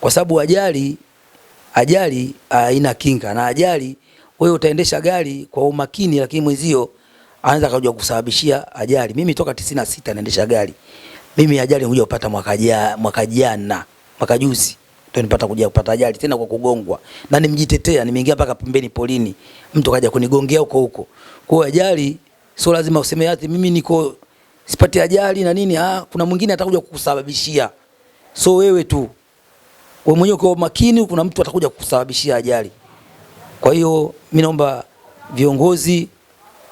kwa sababu ajali ajali ah, haina kinga, na ajali wewe utaendesha gari kwa umakini, lakini mwenzio anaweza kaja kusababishia ajali. Mimi toka 96 naendesha gari mimi, ajali nilikuja kupata mwaka jana, mwaka jana, mwaka juzi ndio nipata kuja kupata ajali tena kwa kugongwa, na nimejitetea, nimeingia mpaka pembeni polini, mtu kaja kunigongea huko huko. Kwa hiyo ajali sio lazima useme ati mimi niko sipati ajali na nini. Ah, kuna mwingine atakuja kukusababishia, so wewe tu wewe mwenyewe ukiwa makini, kuna mtu atakuja kusababishia ajali. Kwa hiyo mimi naomba viongozi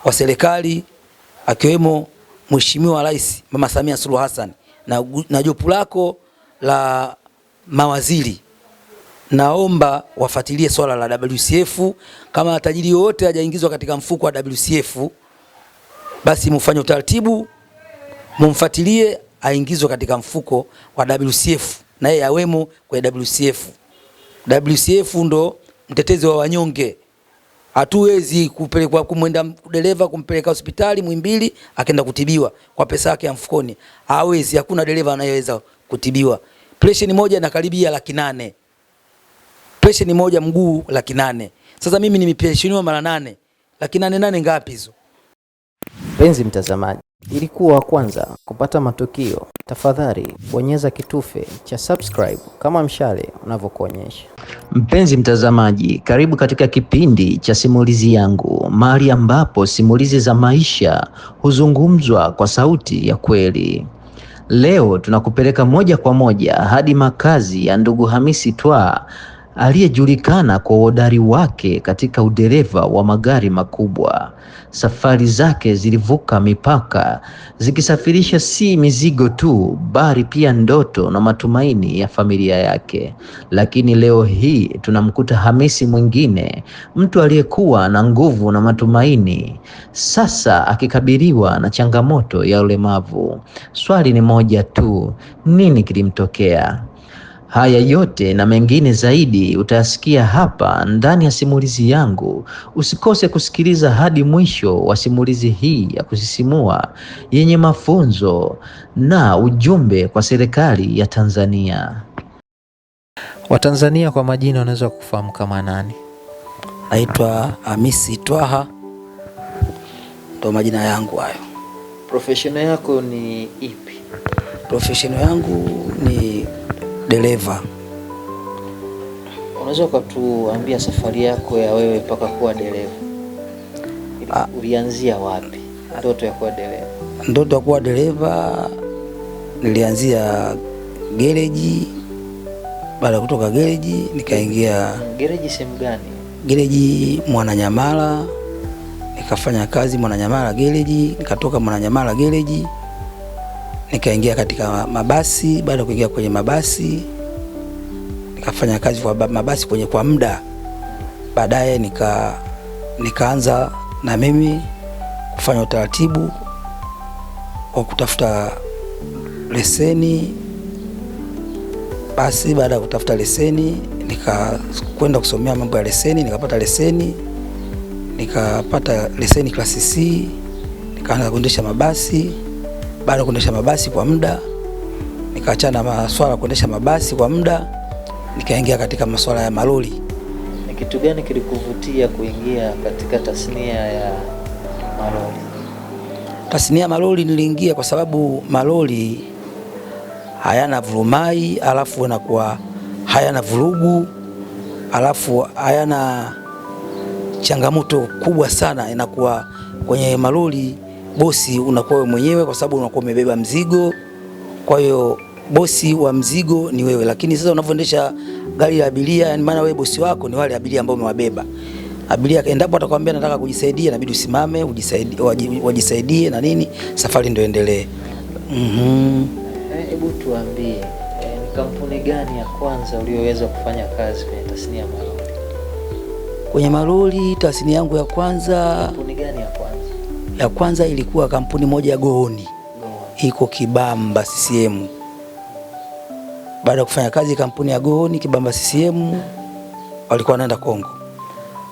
wa serikali akiwemo Mheshimiwa Rais Mama Samia Suluhu Hassan na, na jopo lako la mawaziri naomba wafuatilie swala la WCF. Kama tajiri yoyote hajaingizwa katika mfuko wa WCF, basi mfanye utaratibu mumfuatilie, aingizwe katika mfuko wa WCF naye awemo kwenye WCF. WCF ndo mtetezi wa wanyonge. Hatuwezi kupelekwa kumwenda dereva kumpeleka hospitali Muhimbili akaenda kutibiwa kwa pesa yake ya mfukoni. Hawezi, hakuna dereva anayeweza kutibiwa. Pressure moja na karibia laki nane. Pressure moja mguu laki nane. Sasa mimi nimepresheniwa mara nane. Laki nane nane ngapi hizo? Penzi mtazamaji, ilikuwa wa kwanza kupata matukio Tafadhali bonyeza kitufe cha subscribe kama mshale unavyokuonyesha. Mpenzi mtazamaji, karibu katika kipindi cha simulizi yangu, mahali ambapo simulizi za maisha huzungumzwa kwa sauti ya kweli. Leo tunakupeleka moja kwa moja hadi makazi ya ndugu Hamisi twa aliyejulikana kwa uhodari wake katika udereva wa magari makubwa. Safari zake zilivuka mipaka, zikisafirisha si mizigo tu, bali pia ndoto na matumaini ya familia yake. Lakini leo hii tunamkuta Hamisi mwingine, mtu aliyekuwa na nguvu na matumaini, sasa akikabiliwa na changamoto ya ulemavu. Swali ni moja tu, nini kilimtokea? Haya yote na mengine zaidi utayasikia hapa ndani ya simulizi yangu. Usikose kusikiliza hadi mwisho wa simulizi hii ya kusisimua yenye mafunzo na ujumbe kwa serikali ya Tanzania. Watanzania kwa majina wanaweza kufahamu kama nani? Naitwa Hamisi Twaha, ndo majina yangu hayo. Profesheni yako ni ipi? Profesheni yangu ni dereva. Unaweza ukatuambia safari yako ya wewe mpaka kuwa dereva, ah. ulianzia wapi? Ndoto ya kuwa dereva, ndoto ya kuwa dereva nilianzia gereji. Baada ya kutoka gereji nikaingia gereji. Sehemu gani? Gereji Mwananyamala, nikafanya kazi Mwananyamala gereji, nikatoka Mwananyamala gereji nikaingia katika mabasi. Baada ya kuingia kwenye mabasi, nikafanya kazi kwa mabasi kwenye kwa muda. Baadaye nika nikaanza na mimi kufanya utaratibu wa kutafuta leseni. Basi baada ya kutafuta leseni, nikakwenda kusomea mambo ya leseni, nikapata leseni, nikapata leseni klasi C, nikaanza kuendesha mabasi bado kuendesha mabasi kwa muda, nikaachana na maswala kuendesha mabasi kwa muda, nikaingia katika maswala ya malori. Ni kitu gani kilikuvutia kuingia katika tasnia ya malori? Tasnia ya malori niliingia kwa sababu malori hayana vurumai, alafu yanakuwa hayana vurugu, alafu hayana changamoto kubwa sana. Inakuwa kwenye malori bosi unakuwa wewe mwenyewe, kwa sababu unakuwa umebeba mzigo. Kwa hiyo bosi wa mzigo ni wewe, lakini sasa unavyoendesha gari la abiria, yani maana wewe bosi wako ni wale abiria ambao umewabeba. Abiria endapo atakwambia nataka kujisaidia, inabidi usimame ujisaidie, wajisaidie na nini, safari ndio endelee. Mhm, eh, hebu tuambie eh, kampuni gani ya kwanza uliyoweza kufanya kazi kwenye tasnia ya maroli? Kwenye maroli, tasnia yangu ya kwanza kampuni ya kwanza ilikuwa kampuni moja ya Gooni iko Kibamba CCM. Baada ya kufanya kazi kampuni ya Gooni Kibamba CCM, walikuwa wanaenda Kongo.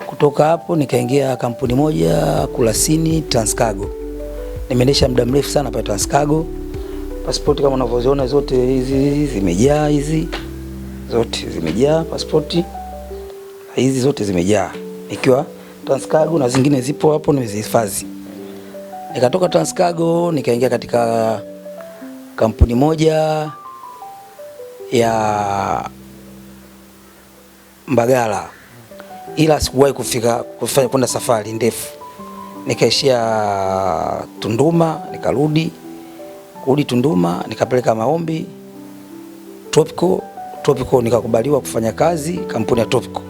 Kutoka hapo nikaingia kampuni moja Kurasini Transcargo. Nimeendesha muda mrefu sana pale Transcargo. Pasipoti kama unavyoziona zote hizi zimejaa, hizi zote zimejaa pasipoti hizi zote zimejaa, ikiwa Transcargo na zingine zipo hapo nimezihifadhi. Nikatoka Transcargo nikaingia katika kampuni moja ya Mbagala, ila sikuwahi kufika kufanya kwenda safari ndefu, nikaishia Tunduma, nikarudi kurudi Tunduma, nikapeleka maombi Tropico. Tropico nikakubaliwa kufanya kazi kampuni ya Tropico,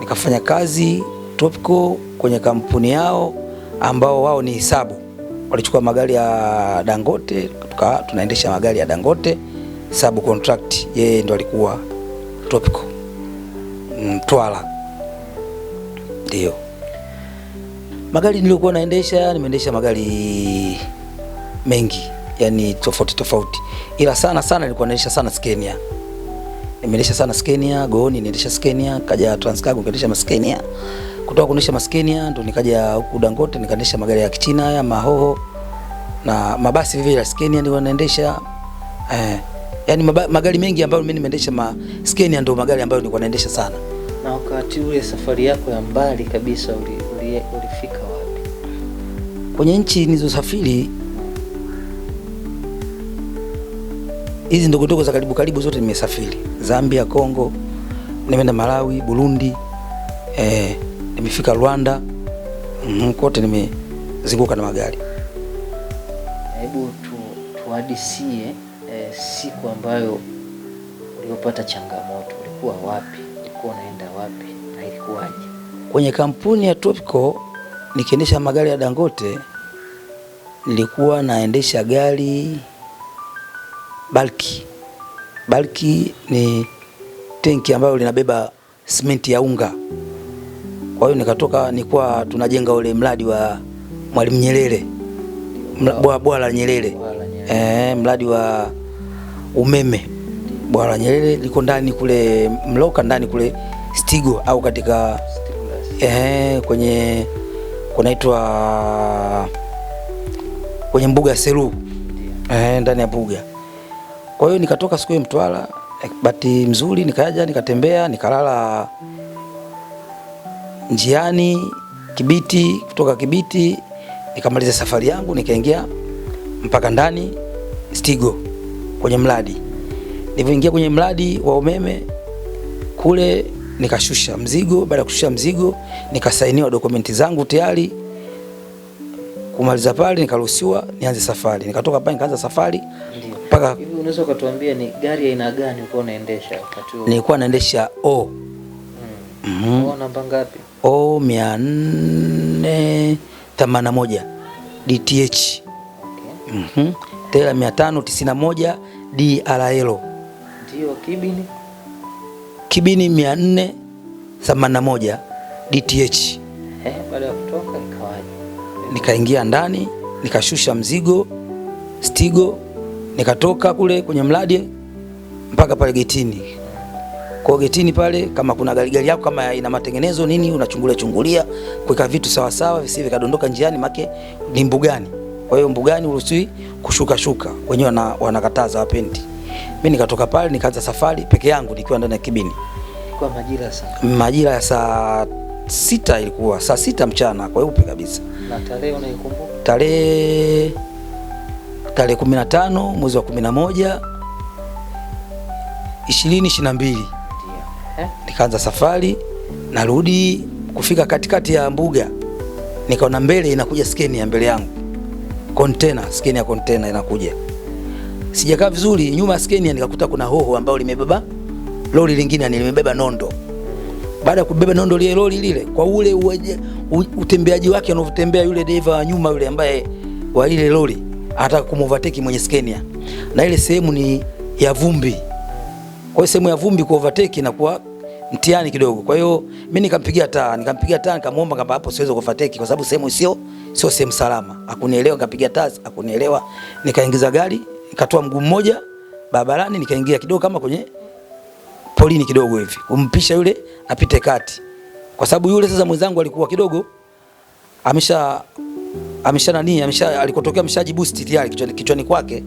nikafanya kazi Tropico kwenye kampuni yao ambao wao ni hisabu, walichukua magari ya Dangote, tuka, tunaendesha magari ya Dangote sabu contract, yeye ndo alikuwa topico mtwala. Mm, Ndio magari niliokuwa naendesha, nimeendesha magari mengi yani tofauti tofauti, ila sana sana nilikuwa naendesha sana Scania. Nimeendesha sana Scania, goni niendesha Scania, kaja Transcargo nikaendesha Scania kutoka kunisha maskini ndo nikaja huku Dangote nikaendesha magari ya kichina haya mahoho na mabasi vile ya Scania ndio naendesha eh, yani magari mengi ambayo mimi nimeendesha ma Scania ndio magari ambayo nilikuwa naendesha sana. Na wakati ule safari yako ya mbali kabisa uli, uli, ulifika wapi? Kwenye nchi nilizosafiri hizi ndogo ndogo za karibu karibu zote nimesafiri Zambia, Kongo, nimeenda Malawi, Burundi eh, nimefika Rwanda mm, kote, nimezunguka na magari. Hebu tu, tuhadisie e, siku ambayo uliopata changamoto, ulikuwa wapi? Ulikuwa unaenda wapi na ilikuwaje? Kwenye kampuni ya Topco nikiendesha magari ya Dangote, nilikuwa naendesha gari balki. Balki ni tenki ambayo linabeba simenti ya unga. Kwa hiyo nikatoka, nilikuwa tunajenga ule mradi wa Mwalimu Nyerere, oh. bwawa la Nyerere, eh, mradi wa umeme bwawa la Nyerere liko ndani kule Mloka, ndani kule Stigo au katika eh, kwenye kunaitwa kwenye mbuga ya Seru eh, ndani ya mbuga. Kwa hiyo nikatoka siku hiyo Mtwara, eh, bahati mzuri nikaja nikatembea nikalala njiani Kibiti, kutoka Kibiti nikamaliza safari yangu nikaingia mpaka ndani Stigo kwenye mradi. Nilipoingia kwenye mradi wa umeme kule nikashusha mzigo. Baada ya kushusha mzigo, nikasainiwa dokumenti zangu tayari. Kumaliza pale, nikaruhusiwa nianze safari. Nikatoka pale nikaanza safari mpaka. Hivi unaweza ukatuambia ni gari aina gani ulikuwa unaendesha wakati huo? Nilikuwa naendesha o. Hmm. Mhm. Namba ngapi? O 481 DTH mm -hmm. Tela 591 DRL ndio kibini kibini 481 DTH. Eh, baada ya kutoka ikawaje? Nikaingia ndani nikashusha mzigo Stigo nikatoka kule kwenye mradi mpaka pale getini kwa getini pale, kama kuna galigari yako kama ina matengenezo nini, unachungulia chungulia kuweka vitu sawa sawa visivyo kadondoka njiani, make ni mbugani. Kwa hiyo mbugani uruhusi kushuka shuka, wenyewe wana, wanakataza, wapendi. Mimi nikatoka pale nikaanza safari peke yangu nikiwa ndani ya kibini kwa majira saa majira ya saa sita ilikuwa saa sita mchana kwa upe kabisa. Na tarehe unaikumbuka? Tarehe tarehe 15 mwezi wa 11 20 22 Eh? nikaanza safari, narudi kufika katikati ya mbuga, nikaona mbele inakuja skeni ya mbele yangu kontena, skeni ya kontena inakuja. Sijakaa vizuri, nyuma ya skeni nikakuta kuna hoho ambao limebeba lori lingine, nilimebeba nondo. Baada ya kubeba nondo lile lori lile, kwa ule utembeaji wake anavyotembea yule deva wa nyuma yule ambaye wa ile lori anataka kumovateki mwenye skenia, na ile sehemu ni ya vumbi. Kwa hiyo sehemu ya vumbi ku overtake inakuwa mtihani kidogo. Kwa hiyo mimi nikampigia taa, nikampigia taa, nikamwomba kama hapo siwezi kufateki kwa sababu sehemu sio sio sehemu salama. Hakunielewa, nikapiga taa, hakunielewa. Nikaingiza gari, nikatoa mguu mmoja barabarani, nikaingia kidogo kama kwenye polini kidogo hivi. Kumpisha yule apite kati. Kwa sababu yule sasa mwenzangu alikuwa kidogo amesha amesha nani amesha alikotokea ameshaji boost tayari kichwani kwake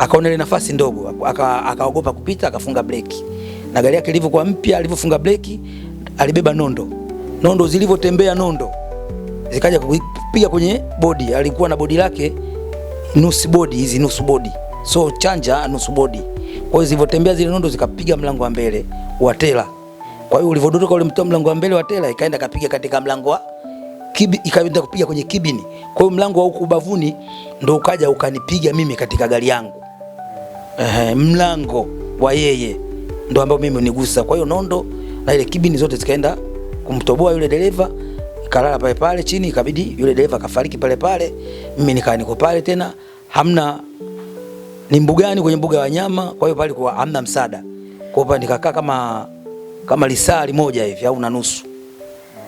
akaona ile nafasi ndogo, akaogopa aka kupita, akafunga breki, na gari yake ilivyokuwa mpya, alivyofunga breki alibeba nondo. Nondo zilivyotembea nondo zikaja kupiga kwenye bodi, alikuwa na bodi lake nusu bodi, hizi nusu bodi, so chanja nusu bodi. Kwa hiyo zilivyotembea zile nondo zikapiga mlango wa mbele wa tela. Kwa hiyo ulivodondoka ule mtoa mlango wa mbele wa tela, ikaenda kapiga katika mlango wa kibi, ikaenda kupiga kwenye kibini. Kwa hiyo mlango wa huku ubavuni ndo ukaja ukanipiga mimi katika gari yangu eh, mlango wa yeye ndo ambao mimi unigusa. Kwa hiyo nondo na ile kibini zote zikaenda kumtoboa yule dereva, ikalala pale pale chini, ikabidi yule dereva kafariki pale pale. Mimi nikaa niko pale tena, hamna ni mbugani kwenye mbuga ya wanyama, kwa hiyo pale kwa hamna msaada. Kwa hiyo nikakaa kama kama lisali moja hivi au na nusu,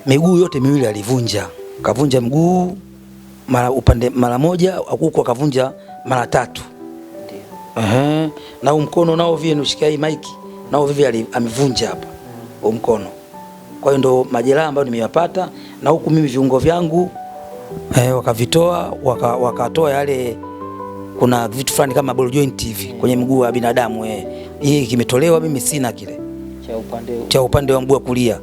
miguu yote miwili alivunja, kavunja mguu mara upande mara moja, huko akavunja mara tatu. -huh. Na umkono mkono nao vile nushikia hii maiki nao vile amevunja hapa umkono. Kwa hiyo ndo majeraha ambayo nimeyapata na huku mimi viungo vyangu eh, wakavitoa waka, wakatoa yale kuna vitu fulani kama ball joint hivi eh. kwenye mguu wa binadamu eh. Hii kimetolewa mimi sina kile cha upande, cha upande wa mguu wa kulia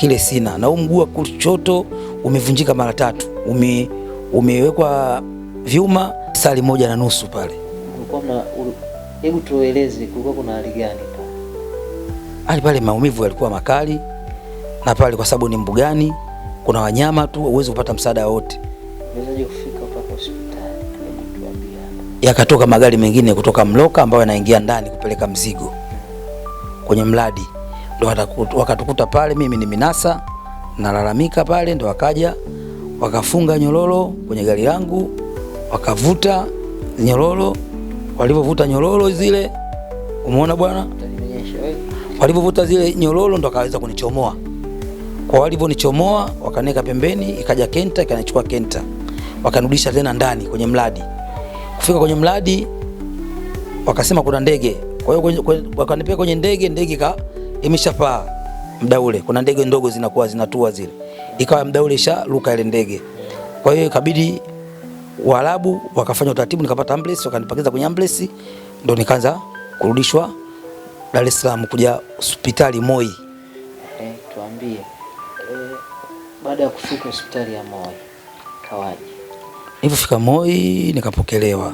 kile sina, na huu mguu wa kushoto umevunjika mara tatu, ume, umewekwa vyuma sali moja na nusu pale kulikuwa mna, hebu tueleze, kulikuwa kuna hali gani pale? Hali pale maumivu yalikuwa makali, na pale kwa sababu ni mbugani, kuna wanyama tu, huwezi kupata msaada wote. Uwezaje kufika mpaka hospitali? Yakatoka magari mengine kutoka Mloka ambayo yanaingia ndani kupeleka mzigo kwenye mradi, ndo wakatukuta pale. Mimi ni Minasa, nalalamika pale, ndo wakaja wakafunga nyororo kwenye gari langu, wakavuta nyororo walivyovuta nyororo zile, umeona bwana, walivyovuta zile nyororo ndo akaweza kunichomoa. Kwa walivyonichomoa wakaneka pembeni, ikaja kenta ikanichukua kenta, wakanirudisha tena ndani kwenye mradi. Kufika kwenye mradi wakasema kuna ndege, kwa hiyo wakanipea kwenye ndege, ndege ka imeshapaa mda ule, kuna ndege ndogo zinakuwa zinatua zile, ikawa mda ule isharuka ile ndege, kwa hiyo ikabidi Waarabu wakafanya utaratibu, nikapata ambulance, wakanipakiza kwenye ambulance, ndo nikaanza kurudishwa Dar es Salaam kuja hospitali Moi. Okay, eh, tuambie eh, baada ya kufika hospitali ya Moi kawaje? Nilipofika Moi nikapokelewa,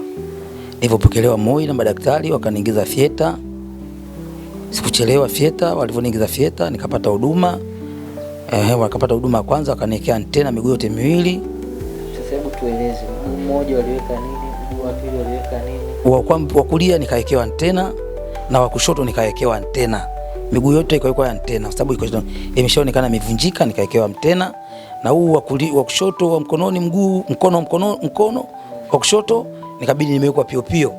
nilipopokelewa Moi na madaktari wakaniingiza fieta, sikuchelewa fieta. Walivyoniingiza fieta nikapata huduma eh, wakapata huduma ya kwanza, wakaniwekea antena miguu yote miwili tueleze mguu mmoja waliweka nini, mguu wa pili waliweka nini. Wa wa kulia nikawekewa antena na wa kushoto nikawekewa antena, miguu yote ikawekewa antena kwa sababu iko imeshaonekana imevunjika, nikawekewa antena na huu wa kulia wa kushoto wa mkononi, mguu mkono mkono mkono wa kushoto nikabidi nimewekwa pio.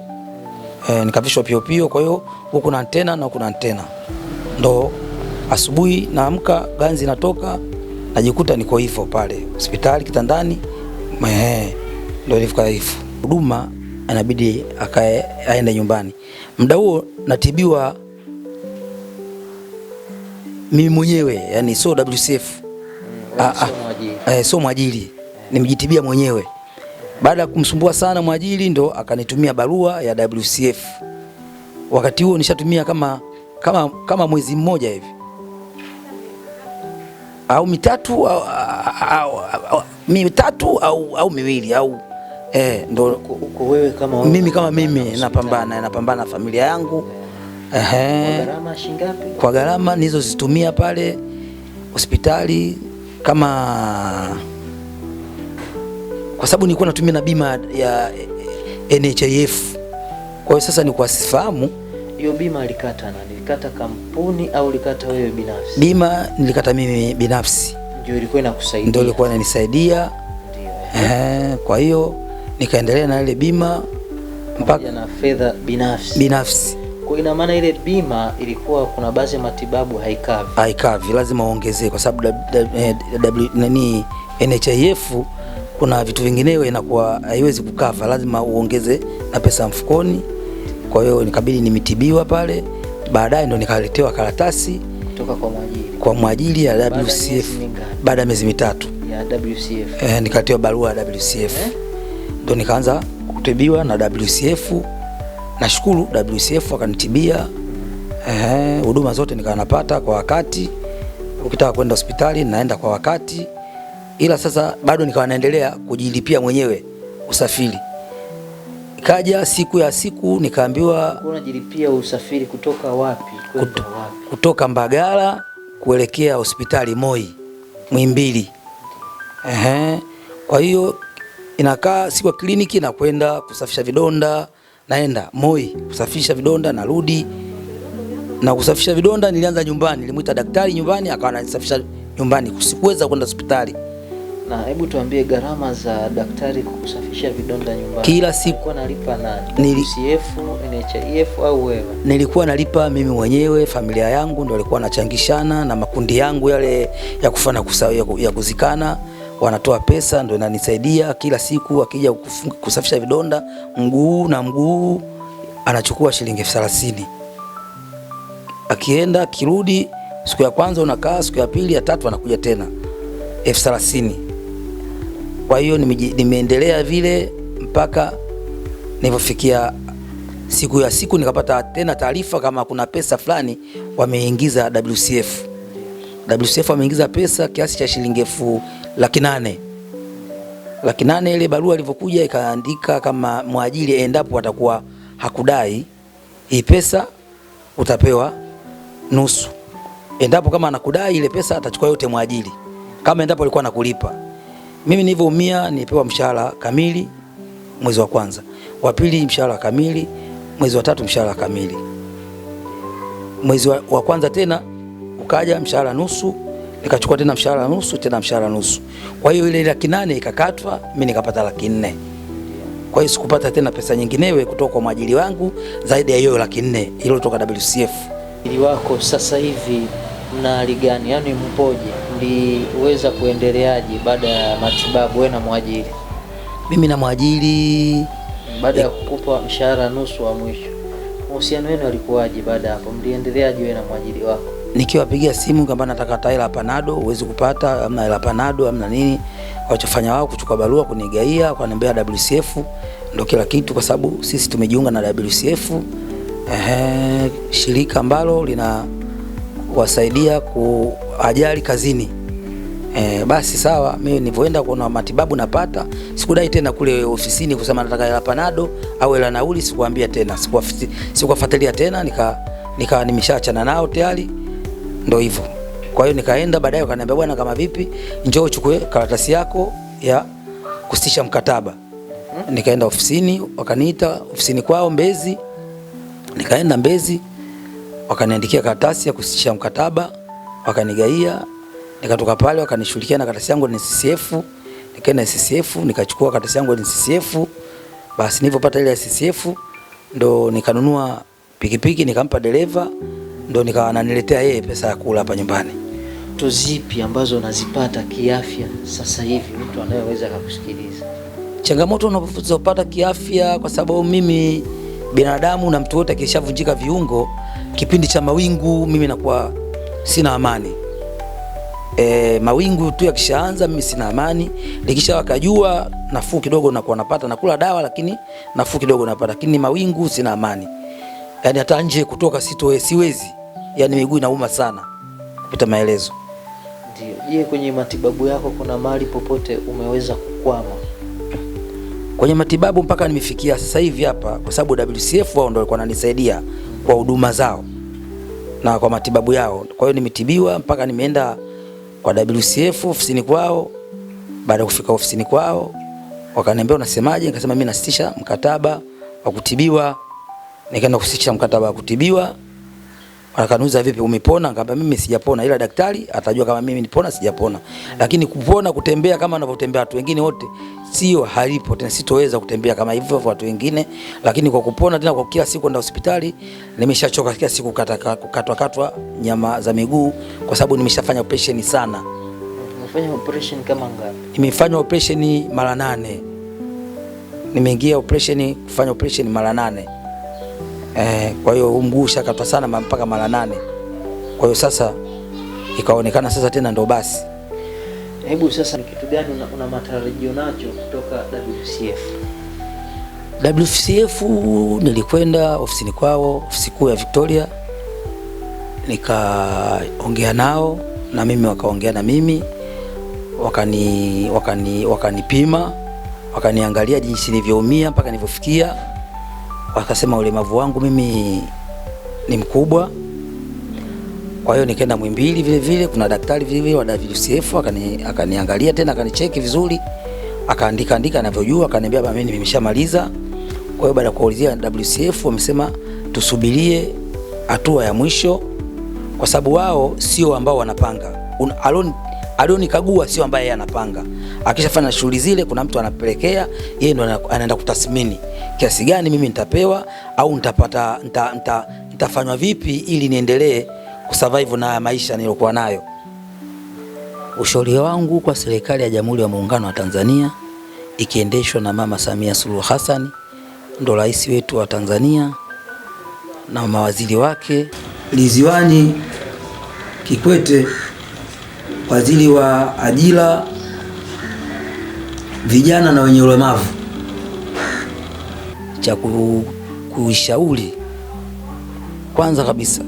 e, nikavishwa pio pio, Kwa hiyo huko na antena na huku na antena, ndo asubuhi naamka ganzi natoka najikuta niko hivyo pale hospitali kitandani ndio ilifika hivyo. Huduma anabidi akae aende nyumbani. Muda huo natibiwa mimi mwenyewe, yani sio WCF. Mm, ah, ah. Eh, sio mwajiri, nimejitibia mwenyewe. Baada ya kumsumbua sana mwajiri, ndo akanitumia barua ya WCF. Wakati huo nishatumia kama, kama, kama mwezi mmoja hivi au mitatu au, au, au, au, mitatu au au miwili au eh, ndo wewe kama wewe. Mimi kama mimi napambana napambana familia yangu eh, kwa gharama nilizozitumia pale hospitali kama kwa sababu nilikuwa natumia na bima ya NHIF. Kwa hiyo sasa ni kwa sifahamu hiyo bima alikata nani? Ilikata kampuni au ilikata wewe binafsi? Bima nilikata mimi binafsi ndio ilikuwa inakusaidia? Ndio ilikuwa inanisaidia. Eh, kwa hiyo nikaendelea na ile bima mpaka na fedha binafsi binafsi. Kwa ina maana ile bima ilikuwa kuna baadhi ya matibabu haikavi, haikavi, lazima uongezee kwa sababu eh, nani NHIF kuna vitu vinginevyo inakuwa haiwezi kukava, lazima uongeze na pesa mfukoni. Kwa hiyo nikabidi nimitibiwa pale, baadaye ndo nikaletewa karatasi kutoka kwa mwajiri kwa mwajili ya WCF baada ya miezi mitatu ya WCF. E, eh, nikatiwa barua ya WCF eh? ndo eh, nikaanza kutibiwa na WCF. Nashukuru WCF wakanitibia huduma zote nikawa napata kwa wakati. Ukitaka kwenda hospitali naenda kwa wakati, ila sasa bado nikawa naendelea kujilipia mwenyewe usafiri. kaja siku ya siku nikaambiwa unajilipia usafiri kutoka wapi kwenda wapi? Kutoka Mbagala kuelekea hospitali Moi Mwimbili. Ehe. Kwa hiyo inakaa siku ya kliniki na kwenda kusafisha vidonda, naenda Moi kusafisha vidonda, narudi na kusafisha vidonda. Nilianza nyumbani, nilimwita daktari nyumbani, akawa anasafisha nyumbani, sikuweza kwenda hospitali. Na hebu tuambie gharama za daktari kukusafishia vidonda nyumbani. Kila siku nalipa nani? Nili... CF, NHIF au wewe? Nilikuwa nalipa mimi mwenyewe, familia yangu ndio walikuwa wanachangishana na makundi yangu yale ya kufana kusawa, ya, ya kuzikana wanatoa pesa ndio inanisaidia kila siku. Akija kusafisha vidonda mguu na mguu anachukua shilingi elfu thelathini. Akienda kirudi, siku ya kwanza unakaa, siku ya pili, ya tatu anakuja tena elfu thelathini. Kwa hiyo nimeendelea vile mpaka nilipofikia siku ya siku nikapata tena taarifa kama kuna pesa fulani wameingiza WCF. WCF wameingiza pesa kiasi cha shilingi elfu laki nane laki nane. Ile barua ilivyokuja ikaandika kama mwajiri, endapo atakuwa hakudai hii pesa utapewa nusu, endapo kama anakudai ile pesa atachukua yote mwajiri, kama endapo alikuwa anakulipa mimi nilivyoumia nilipewa mshahara kamili mwezi wa kwanza, wa pili mshahara kamili, mwezi wa tatu mshahara kamili, mwezi wa, wa kwanza tena ukaja mshahara nusu, nikachukua tena mshahara nusu, tena mshahara nusu. Kwa hiyo ile laki nane ikakatwa, mimi nikapata laki nne. Kwa hiyo sikupata tena pesa nyinginewe kutoka kwa mwajiri wangu zaidi ya hiyo laki nne iliyotoka WCF. Ili wako sasa hivi mna hali gani? Yaani mpoje? uliweza kuendeleaje baada ya matibabu, wewe na mwajiri? Mimi na mwajiri, baada ya eh. kukupa mshahara nusu wa mwisho, uhusiano wenu alikuwaje? Baada ya hapo mliendeleaje wewe na mwajiri wako? Nikiwapigia simu kwamba nataka hata hela panado, huwezi kupata, amna hela panado, amna nini, wachofanya wao kuchukua barua kunigaia, kuniambia WCF ndio kila kitu, kwa sababu sisi tumejiunga na WCF, ehe, shirika ambalo lina kuwasaidia kuajali kazini. E, basi sawa, mimi nilivyoenda kuona matibabu napata, sikudai tena kule ofisini kusema nataka hela panado au hela nauli, sikuambia tena, sikuwafuatilia tena, nika nika nimeshaachana nao tayari, ndio hivyo. Kwa hiyo nikaenda baadaye, wakaniambia bwana, kama vipi, njoo uchukue karatasi yako ya kusitisha mkataba. Nikaenda ofisini, wakaniita ofisini kwao Mbezi, nikaenda Mbezi wakaniandikia karatasi ya kusitisha mkataba, wakanigaia, nikatoka pale wakanishughulikia na karatasi yangu ni CCF, nikaenda CCF, nikachukua karatasi yangu ni CCF. Basi nilipopata ile CCF ndo nikanunua pikipiki nikampa dereva, ndo nikawa naniletea yeye pesa ya kula hapa nyumbani. Ndoto zipi ambazo unazipata kiafya sasa hivi mtu anayeweza kukusikiliza? Changamoto unazopata kiafya kwa sababu mimi binadamu na mtu wote akishavunjika viungo, kipindi cha mawingu mimi nakuwa sina amani. E, mawingu tu yakishaanza mimi sina amani. Nikisha wakajua nafuu kidogo nakuwa napata, nakula dawa lakini nafuu kidogo napata, lakini mawingu sina amani. Yani hata nje kutoka sitoe, siwezi. Yani miguu inauma sana kupita maelezo. Ndio. Je, kwenye matibabu yako kuna mahali popote umeweza kukwama? kwenye matibabu mpaka nimefikia sasa hivi hapa, kwa sababu WCF wao ndio walikuwa wananisaidia kwa huduma zao na kwa matibabu yao. Kwa hiyo nimetibiwa mpaka nimeenda kwa WCF ofisini kwao. Baada ya kufika ofisini kwao, wakaniambia unasemaje? Nikasema mimi nasitisha mkataba wa kutibiwa. Nikaenda kusitisha mkataba wa kutibiwa. Akaniuliza vipi, umepona? Nikamwambia mimi sijapona, ila daktari atajua kama mimi nipona sijapona. Lakini kupona kutembea kama wanavyotembea watu wengine wote sio halipo tena, sitoweza kutembea kama hivyo watu wengine, lakini kwa kupona tena, kwa kila siku kwenda hospitali, nimeshachoka kila siku kukatwa katwa, katwa nyama za miguu, kwa sababu nimeshafanya operation sana. Umefanya operation kama ngapi? Nimefanya operation mara nane, nimeingia operation kufanya operation mara nane. Eh, kwa hiyo mguu ushakatwa sana mpaka mara nane. Kwa hiyo sasa ikaonekana sasa tena ndo basi. Hebu sasa ni kitu gani una, una matarajio nacho kutoka WCF? WCF nilikwenda ofisini kwao, ofisi kuu ya Victoria, nikaongea nao na mimi wakaongea na mimi, wakani wakani wakanipima, wakaniangalia jinsi nilivyoumia mpaka nilivyofikia wakasema ulemavu wangu mimi ni mkubwa, kwa hiyo nikaenda Mwimbili vile vile, kuna daktari vile vile wa WCF akani, akaniangalia tena akanicheki vizuri, akaandika andika anavyojua, akaniambia baba, mimi nimeshamaliza. Kwa hiyo baada ya kuulizia WCF wamesema tusubirie hatua ya mwisho, kwa sababu wao sio ambao wanapanga. Alionikagua sio ambaye anapanga. Akishafanya shughuli zile, kuna mtu anapelekea yeye, ndo anaenda kutathmini kiasi gani mimi nitapewa au nitapata nita, nita, nitafanywa vipi ili niendelee kusurvive na maisha niliyokuwa nayo. Ushauri wangu kwa serikali ya Jamhuri ya Muungano wa Tanzania ikiendeshwa na Mama Samia Suluhu Hassan, ndo rais wetu wa Tanzania na mawaziri wake, Liziwani Kikwete, waziri wa ajira vijana na wenye ulemavu. Cha kuishauri kwanza kabisa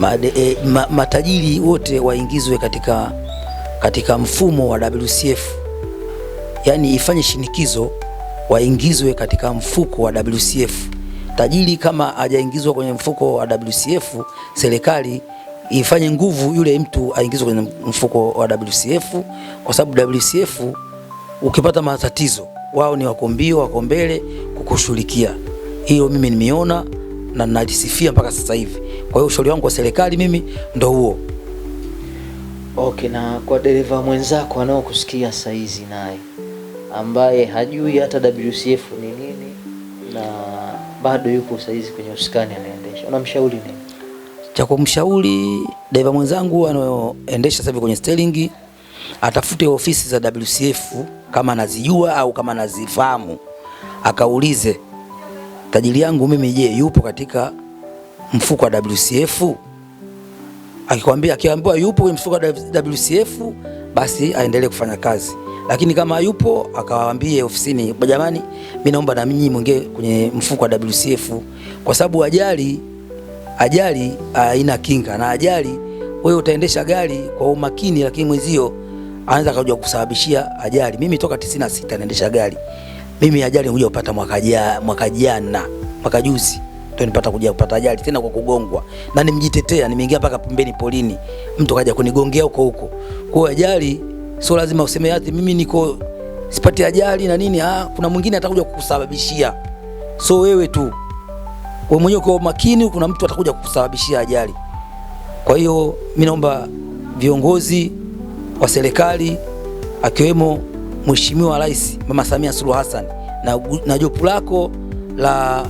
made, e, ma, matajiri wote waingizwe katika, katika mfumo wa WCF, yaani ifanye shinikizo waingizwe katika mfuko wa WCF. Tajiri kama hajaingizwa kwenye mfuko wa WCF, serikali ifanye nguvu yule mtu aingizwe kwenye mfuko wa WCF kwa sababu WCF ukipata matatizo wao ni wakombio wako mbele kukushughulikia. Hiyo mimi nimeona na najisifia mpaka sasa hivi. Kwa hiyo ushauri wangu kwa serikali mimi ndo huo. Okay, na kwa dereva mwenzako anaokusikia sasa hizi naye ambaye hajui hata WCF ni nini na bado yuko sasa hizi kwenye usukani anaendesha, unamshauri nini? Cha kumshauri dereva mwenzangu anaoendesha sasa hivi kwenye stelingi atafute ofisi za WCF kama anazijua au kama anazifahamu, akaulize tajiri yangu mimi, je, yupo katika mfuko wa WCF? Akikwambia, akiambiwa yupo kwenye mfuko wa WCF, basi aendelee kufanya kazi, lakini kama yupo akawaambie ofisini, jamani, mimi naomba na mimi mwingie kwenye mfuko wa WCF, kwa sababu ajali ajali haina kinga, na ajali wewe utaendesha gari kwa umakini, lakini mwenzio anaweza kuja kusababishia ajali. Mimi toka sita naendesha gari. Mimi ajali nilikuja kupata mwaka jana, mwaka jana, mwaka juzi ndio nipata kuja kupata ajali tena kwa kugongwa. Na nimjitetea nimeingia mpaka pembeni polini. Mtu kaja kunigongea huko huko. Kwa ajali sio lazima useme ati mimi niko sipati ajali na nini. Ah, kuna mwingine atakuja kukusababishia. So wewe tu wewe mwenyewe kwa makini, kuna mtu atakuja kukusababishia ajali. Kwa hiyo mimi naomba viongozi wa serikali akiwemo Mheshimiwa Rais Mama Samia Suluhu Hassan na, na jopo lako la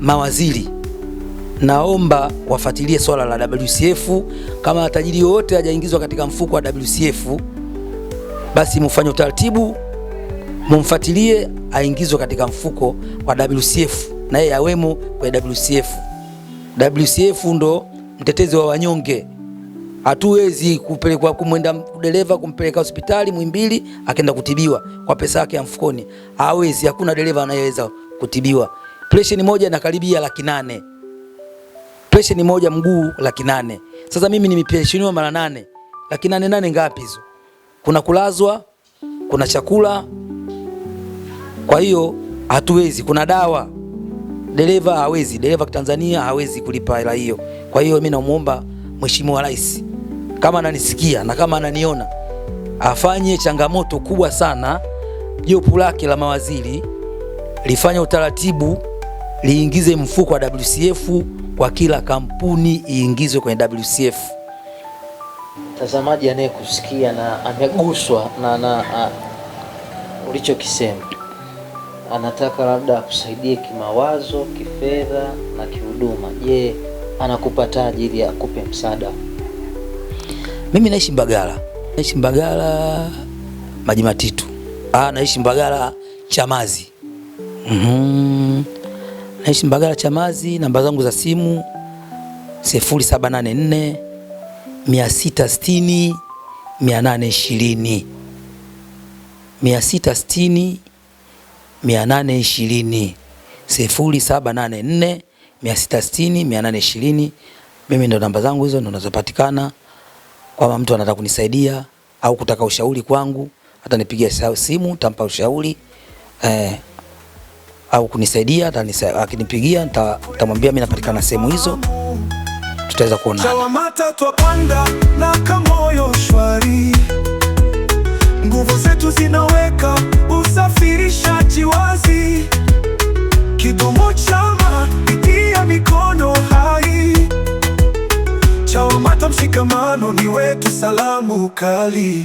mawaziri naomba wafuatilie swala la WCF. Kama tajiri yoyote hajaingizwa katika mfuko wa WCF, basi mufanye utaratibu mumfuatilie aingizwe katika mfuko wa WCF na yeye awemo kwenye WCF. WCF ndo mtetezi wa wanyonge hatuwezi kupelekwa kumwenda dereva kumpeleka hospitali Muhimbili akaenda kutibiwa kwa pesa yake ya mfukoni, hawezi. Hakuna dereva anayeweza kutibiwa. ni moja na karibia laki nane, ni moja mguu laki nane. Sasa mimi nimepresheniwa mara nane, laki nane nane ngapi hizo? Kuna kulazwa, kuna chakula, kwa hiyo hatuwezi. Kuna dawa, dereva hawezi, dereva Tanzania hawezi kulipa hela hiyo. Kwa hiyo mimi namuomba Mheshimiwa Rais kama ananisikia na kama ananiona, afanye changamoto kubwa sana jopo lake la mawaziri lifanye utaratibu liingize mfuko wa WCF kwa kila kampuni iingizwe kwenye WCF. Mtazamaji anayekusikia na ameguswa na, na ulichokisema anataka labda akusaidie kimawazo, kifedha na kihuduma. Je, anakupataje ili akupe msaada? Mimi naishi Mbagala, naishi Mbagala maji matitu. Ah, naishi Mbagala Chamazi. Mm-hmm. Naishi Mbagala Chamazi, namba zangu za simu 0784 660 mia 660 820 0784 660 820. Mimi ndo namba zangu hizo ndo nazopatikana kwamba mtu anataka kunisaidia au kutaka ushauri kwangu, atanipigia simu tampa ushauri eh, au kunisaidia atanisa, akinipigia nitamwambia mimi napatikana sehemu hizo, tutaweza kuona Chawamata twapanda na kamoyo shwari, nguvu zetu zinaweka usafirishaji wazi, kidumu chama itia mikono hai CHAUMATA mshikamano ni wetu, salamu kali